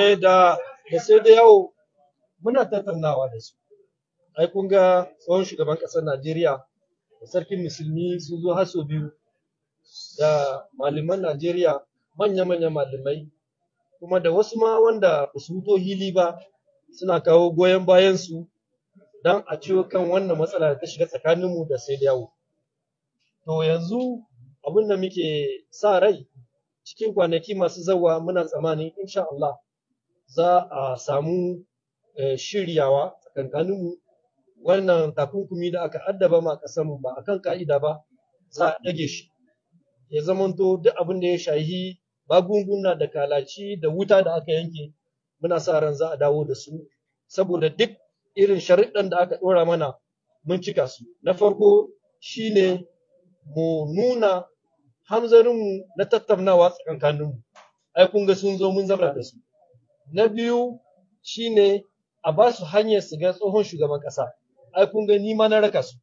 eh da da sai da yau muna tattaunawa da su ai kun ga tsohon shugaban ƙasar Najeriya da sarkin musulmi sun zo haso biyu da malaman Najeriya manya-manya malamai kuma da wasu ma wanda ba su fito hili ba suna kawo goyon bayan su don a ciwo kan wannan matsala da ta shiga tsakaninmu da sai da yau. to yanzu abin da muke sa rai cikin kwanaki masu zawa muna tsammanin insha Allah za a samu eh, shiryawa tsakankaninmu wannan takunkumi da aka addaba ma kasanmu ba kan ka'ida ba za a ɗage shi ya zamanto duk abin da ya shahi magunguna da kalaci da wuta da aka yanke muna sa ran za a dawo da su saboda duk irin sharuɗan da aka ɗora mana mun cika su na farko shine mu nuna mu na tattaunawa mu ai kun ga sun zo mun zabra da su. Na biyu shine a ba su hanyar su ga tsohon shugaban kasa. ai kun ga ma na raka su.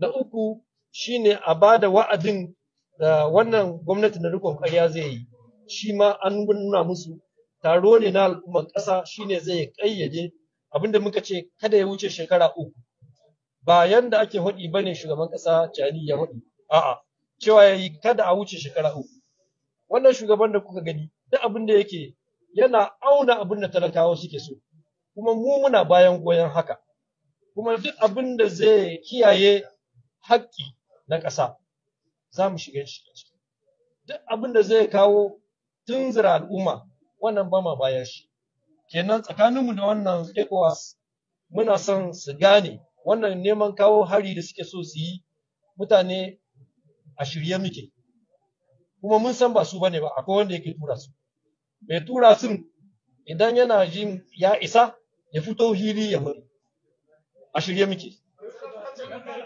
Na uku shine a ba da wa'adin da wannan gwamnati na rikon ƙarya zai yi, shi ma an nuna musu taro ne na al'ummar ƙasa shine zai ƙayyade abinda muka ce kada ya wuce shekara uku. Ba yanda ake haɗi bane shugaban ƙasa Jani ya haɗi, a'a cewa ya yi kada a wuce shekara uku wannan shugaban da kuka gani duk abin da yake yana auna abin da talakawa suke so kuma mu muna bayan goyon haka kuma duk abin da zai kiyaye haƙƙi na ƙasa za mu shiga shi duk abin da zai kawo tunzura al'umma wannan ba ma bayan shi kenan tsakaninmu da wannan ECOWAS muna son su gane wannan neman kawo hari da suke so su yi mutane a shirye muke kuma mun san ba su bane ba akwai wanda yake tura su mai tura sun idan yana jin ya isa ya fito hiri ya bari a shirye muke na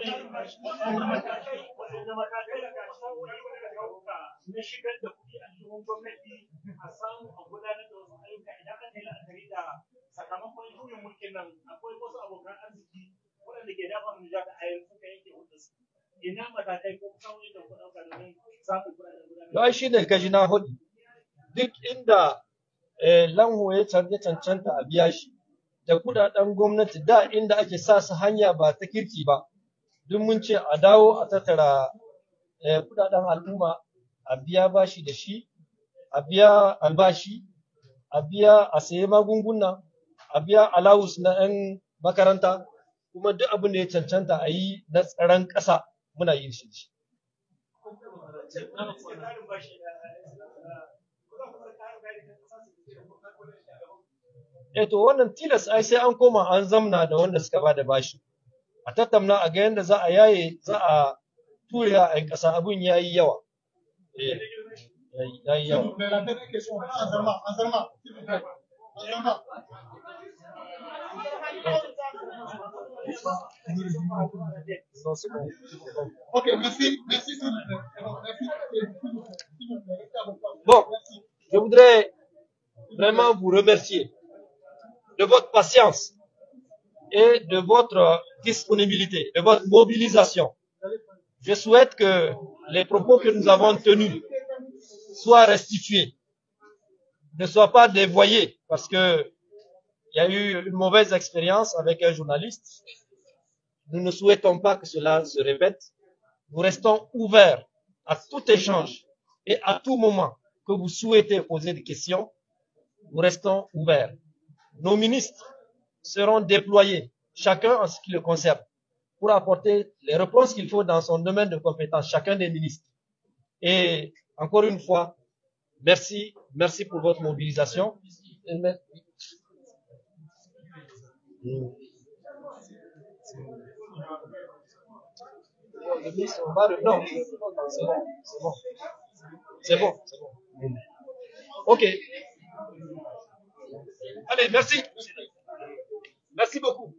yi la'akari sakamakon juyin mulkin nan akwai wasu abokan arziki waɗanda ke dafa mu jaka a yanzu ka yanke su ina matakai ko da kuɗa samun na hudu. Duk inda eh, lanho ya canje cancanta a biya shi da kuɗaɗen gwamnati da inda ake sa su hanya ba ta kirki ba. Duk mun ce a dawo a tattara eh, kuɗaɗen al'umma a biya bashi da shi, a biya albashi, a biya a saye magunguna, a biya alawus na 'yan makaranta, kuma duk abin da ya cancanta a yi na tsaron ƙasa. muna yin shi ji Eto eh wannan tilas ai sai an koma an zamna da wanda suka ba da bashi a tattamna a ga yadda za a yaye za a tura a ƙasa abin ya yi yawa eh, ya Bon, je voudrais vraiment vous remercier de votre patience et de votre disponibilité, de votre mobilisation. Je souhaite que les propos que nous avons tenus soient restitués, ne soient pas dévoyés, parce que il y a eu une mauvaise expérience avec un journaliste nous ne souhaitons pas que cela se répète. Nous restons ouverts à tout échange et à tout moment que vous souhaitez poser des questions. Nous restons ouverts. Nos ministres seront déployés, chacun en ce qui le concerne, pour apporter les réponses qu'il faut dans son domaine de compétence, chacun des ministres. Et encore une fois, merci, merci pour votre mobilisation c'est bon, c'est bon. C'est bon, c'est bon. Ok. Allez, merci. Merci beaucoup.